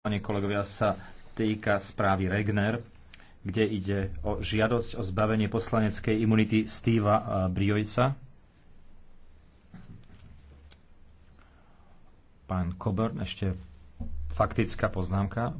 Pane kolegovia, sa týka správy Regner, kde ide o žiadosť o zbavenie poslaneckej imunity Steva Briojca. Pán Coburn, ešte faktická poznámka.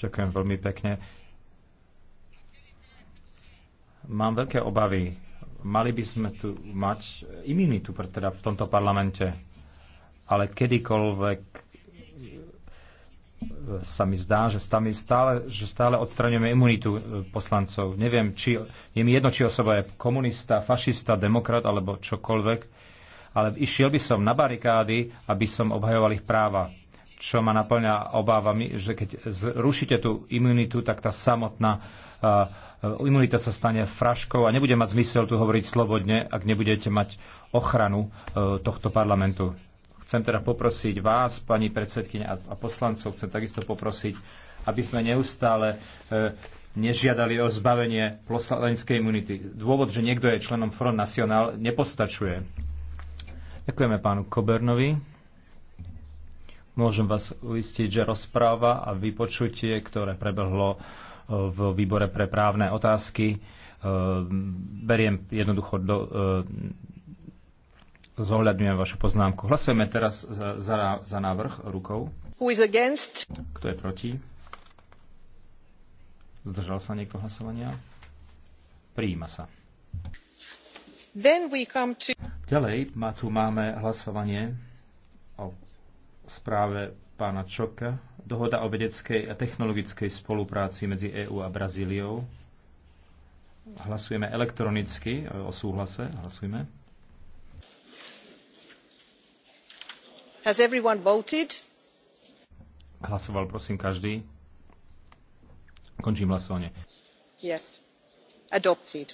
Ďakujem veľmi pekne. Mám veľké obavy. Mali by sme tu mať imunitu, teda v tomto parlamente ale kedykoľvek sa mi zdá, že stále, že stále odstraňujeme imunitu e, poslancov. Neviem, či, je mi jedno, či osoba je komunista, fašista, demokrat alebo čokoľvek, ale išiel by som na barikády, aby som obhajoval ich práva. Čo ma naplňa obávami, že keď zrušíte tú imunitu, tak tá samotná uh, imunita sa stane fraškou a nebude mať zmysel tu hovoriť slobodne, ak nebudete mať ochranu tohto parlamentu. Chcem teda poprosiť vás, pani predsedkyňa a poslancov, chcem takisto poprosiť, aby sme neustále e, nežiadali o zbavenie poslaneckej imunity. Dôvod, že niekto je členom Front National, nepostačuje. Ďakujeme pánu Kobernovi. Môžem vás uistiť, že rozpráva a vypočutie, ktoré prebehlo e, v výbore pre právne otázky, e, beriem jednoducho do Zohľadňujem vašu poznámku. Hlasujeme teraz za, za, za návrh rukou. Who is against? Kto je proti? Zdržal sa niekto hlasovania? Prijíma sa. Then we come to... Ďalej ma, tu máme hlasovanie o správe pána Čoka. Dohoda o vedeckej a technologickej spolupráci medzi EÚ a Brazíliou. Hlasujeme elektronicky o súhlase. Hlasujeme. Has everyone voted? Hlasoval prosím každý. Končím hlasovanie. Yes. Adopted.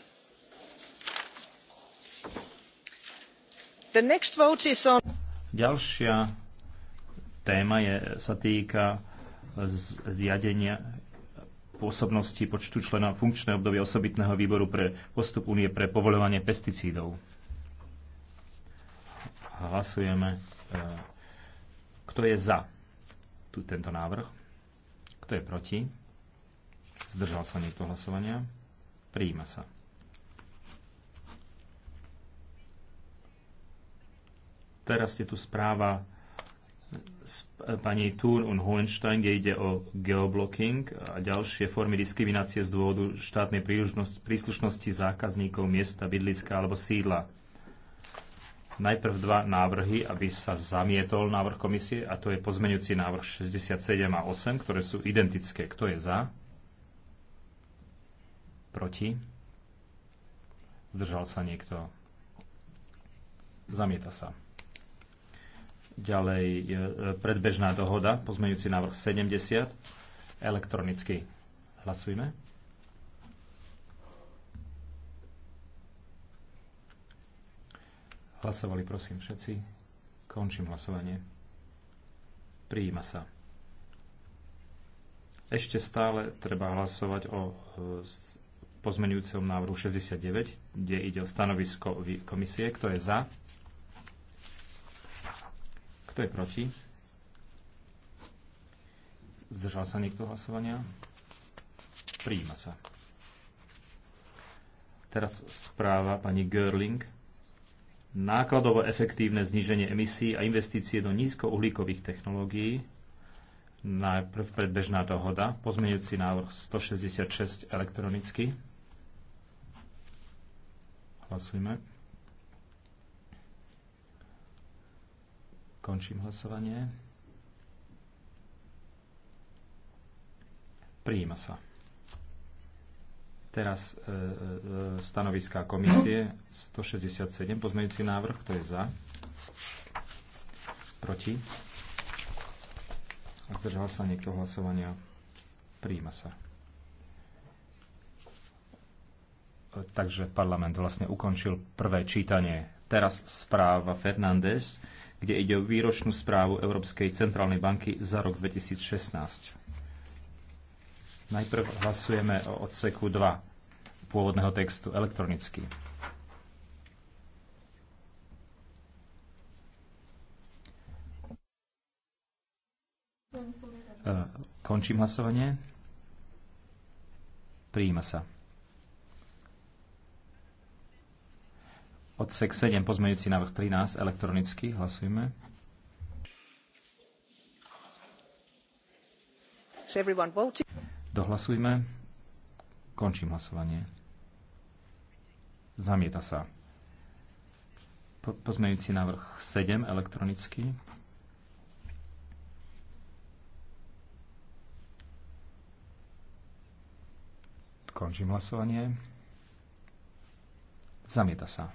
The next vote is on... Ďalšia téma je, sa týka zriadenia pôsobnosti počtu člena funkčnej obdobie osobitného výboru pre postup únie pre povoľovanie pesticídov. Hlasujeme e, kto je za tu, tento návrh? Kto je proti? Zdržal sa niekto hlasovania? Prijíma sa. Teraz je tu správa z pani Thun und Hohenstein, kde ide o geoblocking a ďalšie formy diskriminácie z dôvodu štátnej príslušnosti zákazníkov miesta, bydliska alebo sídla. Najprv dva návrhy, aby sa zamietol návrh komisie, a to je pozmeňujúci návrh 67 a 8, ktoré sú identické. Kto je za? Proti? Zdržal sa niekto? Zamieta sa. Ďalej je predbežná dohoda, pozmeňujúci návrh 70, elektronicky. Hlasujme. Hlasovali prosím všetci. Končím hlasovanie. Prijíma sa. Ešte stále treba hlasovať o e, pozmenujúcom návrhu 69, kde ide o stanovisko komisie. Kto je za? Kto je proti? Zdržal sa niekto hlasovania? Prijíma sa. Teraz správa pani Görling nákladovo efektívne zníženie emisí a investície do nízkouhlíkových technológií, najprv predbežná dohoda, pozmeňujúci návrh 166 elektronicky. Hlasujme. Končím hlasovanie. Prijíma sa. Teraz e, e, stanoviská komisie 167, pozmeňujúci návrh, kto je za? Proti? A zdržal sa niekto hlasovania? Príjima sa. E, takže parlament vlastne ukončil prvé čítanie. Teraz správa Fernández, kde ide o výročnú správu Európskej centrálnej banky za rok 2016. Najprv hlasujeme o odseku 2 pôvodného textu elektronicky. E, končím hlasovanie. Prijíma sa. Odsek 7, pozmeňujúci návrh 13, elektronicky. Hlasujeme. Everyone voting. Dohlasujme. Končím hlasovanie. Zamieta sa. Po, pozmejúci návrh 7 elektronicky. Končím hlasovanie. Zamieta sa.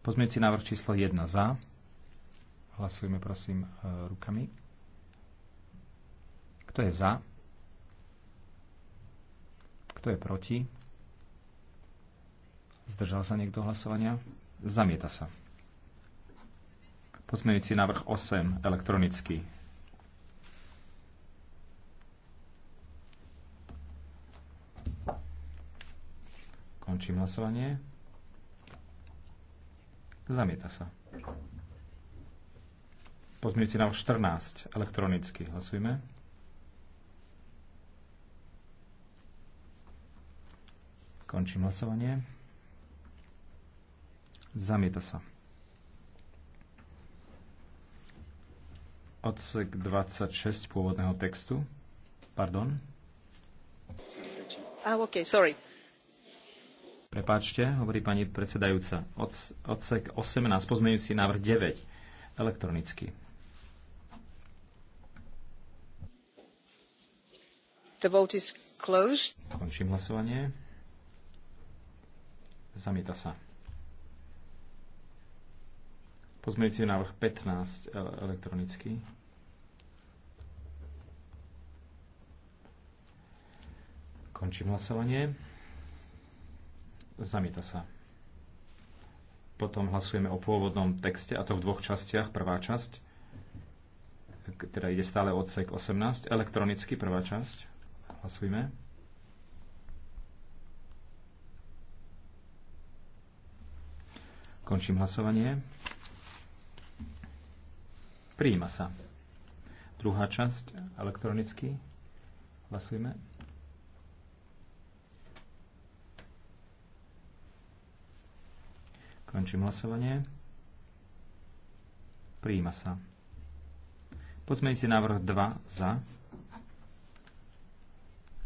Pozmejúci návrh číslo 1 za. Hlasujme prosím e, rukami. Kto je za? Kto je proti? Zdržal sa niekto hlasovania? Zamieta sa. Pozmeňujúci návrh 8 elektronicky. Končím hlasovanie. Zamieta sa. Pozmeňujúci návrh 14 elektronicky. Hlasujme. Končím hlasovanie. Zamieta sa. Odsek 26 pôvodného textu. Pardon. Ah, okay, sorry. Prepáčte, hovorí pani predsedajúca. Odsek 18, pozmeňujúci návrh 9, elektronicky. The vote is closed. Končím hlasovanie. Zamieta sa. Pozmeňujúci návrh 15 elektronicky. Končím hlasovanie. Zamieta sa. Potom hlasujeme o pôvodnom texte, a to v dvoch častiach. Prvá časť, teda ide stále odsek 18, elektronicky prvá časť. Hlasujme. Končím hlasovanie. Prijíma sa. Druhá časť elektronicky. Hlasujme. Končím hlasovanie. Prijíma sa. si návrh 2 za.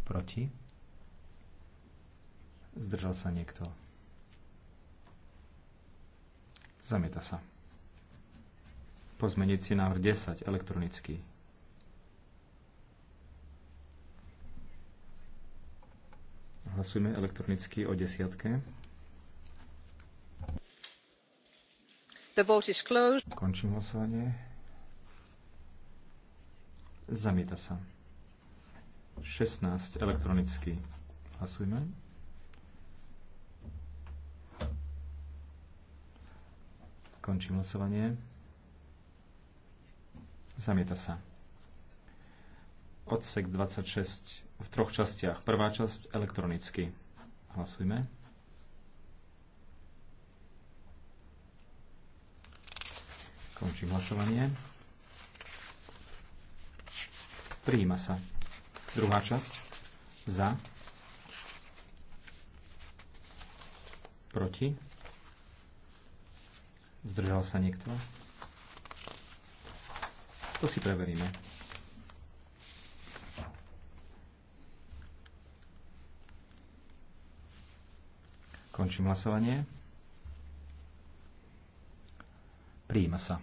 Proti. Zdržal sa niekto. Zamieta sa. Pozmeniť si návrh 10 elektronicky. Hlasujme elektronicky o desiatke. The vote is closed. Končím hlasovanie. Zamieta sa. 16 elektronicky. Hlasujme. Končím hlasovanie. Zamieta sa. Odsek 26 v troch častiach. Prvá časť elektronicky. Hlasujme. Končím hlasovanie. Prijíma sa. Druhá časť. Za. Proti. Zdržal sa niekto? To si preveríme. Končím hlasovanie. Prijíma sa.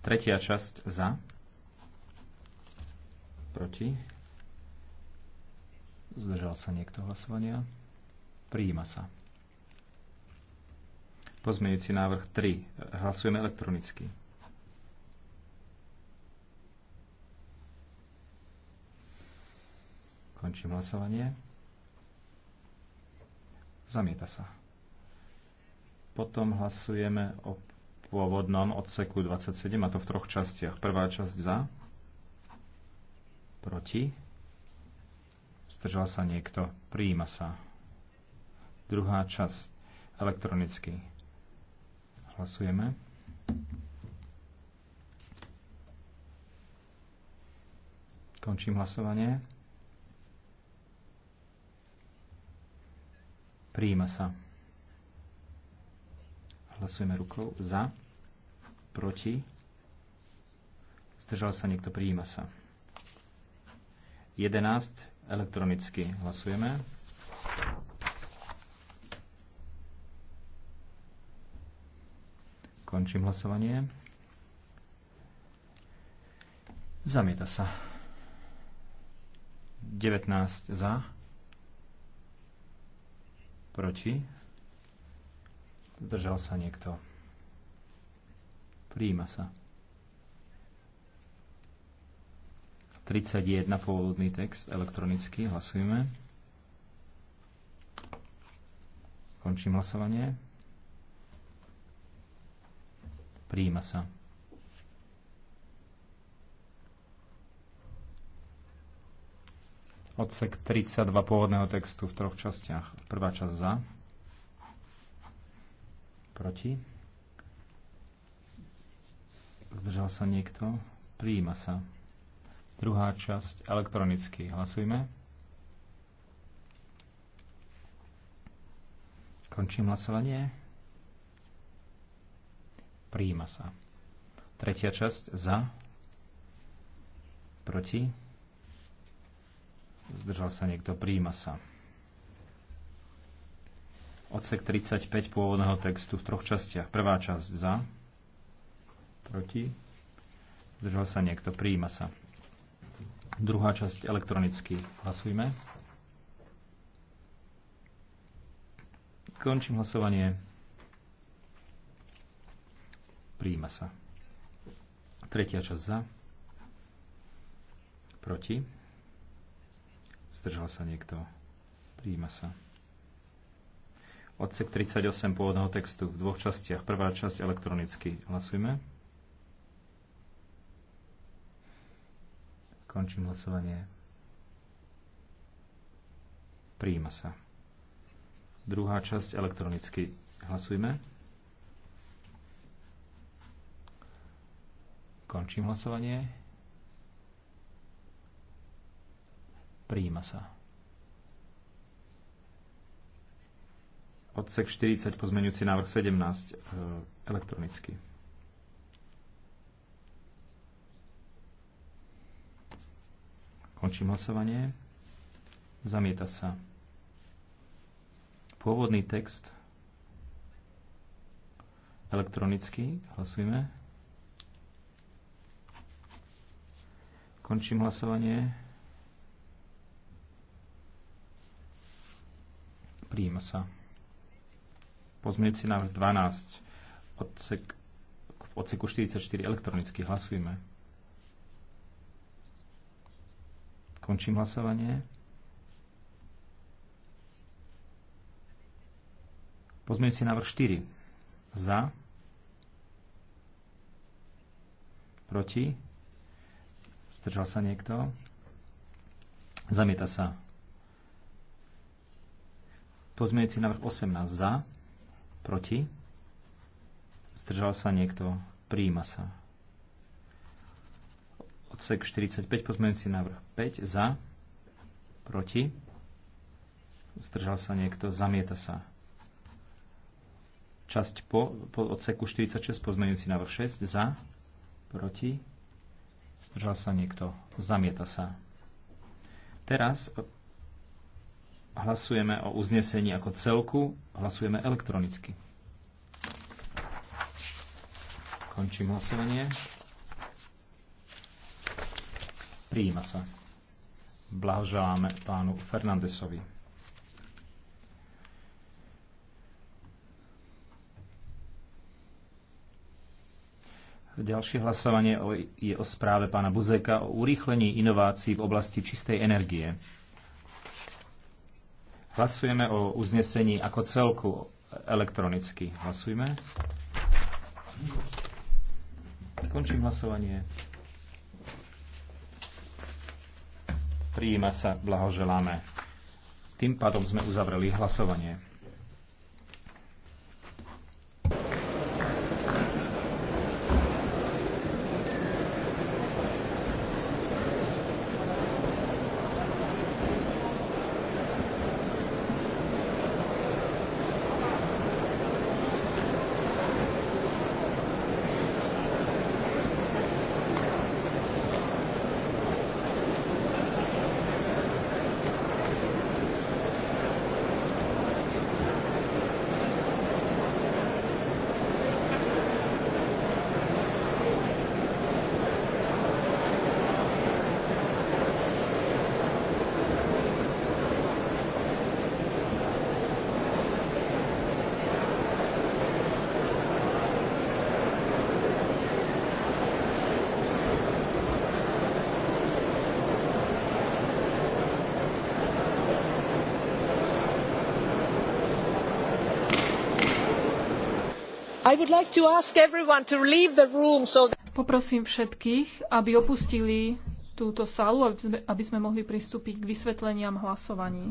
Tretia časť za. Proti. Zdržal sa niekto hlasovania. Prijíma sa. Pozmeňujúci návrh 3. Hlasujeme elektronicky. Končím hlasovanie. Zamieta sa. Potom hlasujeme o pôvodnom odseku 27, a to v troch častiach. Prvá časť za, proti, zdržal sa niekto, prijíma sa. Druhá časť, elektronicky. Hlasujeme. Končím hlasovanie. Prijíma sa. Hlasujeme rukou za, proti. Zdržal sa niekto, prijíma sa. 11. Elektronicky hlasujeme. Končím hlasovanie. Zamieta sa. 19 za. Proti. Zdržal sa niekto. Príjima sa. 31 pôvodný text elektronicky. Hlasujeme. Končím hlasovanie. Príjima sa. Odsek 32 pôvodného textu v troch častiach. Prvá časť za. Proti. Zdržal sa niekto? Prijíma sa. Druhá časť elektronicky. Hlasujme. Končím hlasovanie. Prijíma sa. Tretia časť za. Proti. Zdržal sa niekto. Prijíma sa. Odsek 35 pôvodného textu v troch častiach. Prvá časť za. Proti. Zdržal sa niekto. Prijíma sa. Druhá časť elektronicky. Hlasujme. Končím hlasovanie. Príjma sa. Tretia časť za. Proti. Zdržal sa niekto. Príjma sa. Odsek 38 pôvodného textu v dvoch častiach. Prvá časť elektronicky. Hlasujme. Končím hlasovanie. Príjma sa. Druhá časť elektronicky. Hlasujme. Končím hlasovanie. Príjima sa. Odsek 40, pozmeňujúci návrh 17, e, elektronicky. Končím hlasovanie. Zamieta sa. Pôvodný text elektronicky. Hlasujeme. Končím hlasovanie. Príjima sa. Pozmieť si návrh 12. Odsek, v odseku 44 elektronicky hlasujme. Končím hlasovanie. si návrh 4. Za. Proti. Zdržal sa niekto? Zamieta sa. Pozmeňujúci návrh 18 za, proti. Zdržal sa niekto? Príjima sa. Odsek 45, pozmeňujúci návrh 5 za, proti. Zdržal sa niekto? Zamieta sa. Časť po, po odseku 46, pozmeňujúci návrh 6 za, proti Zdržal sa niekto? Zamieta sa. Teraz hlasujeme o uznesení ako celku. Hlasujeme elektronicky. Končím hlasovanie. Prijíma sa. Blahoželáme pánu Fernandesovi. Ďalšie hlasovanie je o správe pána Buzeka o urýchlení inovácií v oblasti čistej energie. Hlasujeme o uznesení ako celku elektronicky. Hlasujme. Končím hlasovanie. Prijíma sa, blahoželáme. Tým pádom sme uzavreli hlasovanie. Poprosím všetkých, aby opustili túto sálu, aby sme, aby sme mohli pristúpiť k vysvetleniam hlasovaní.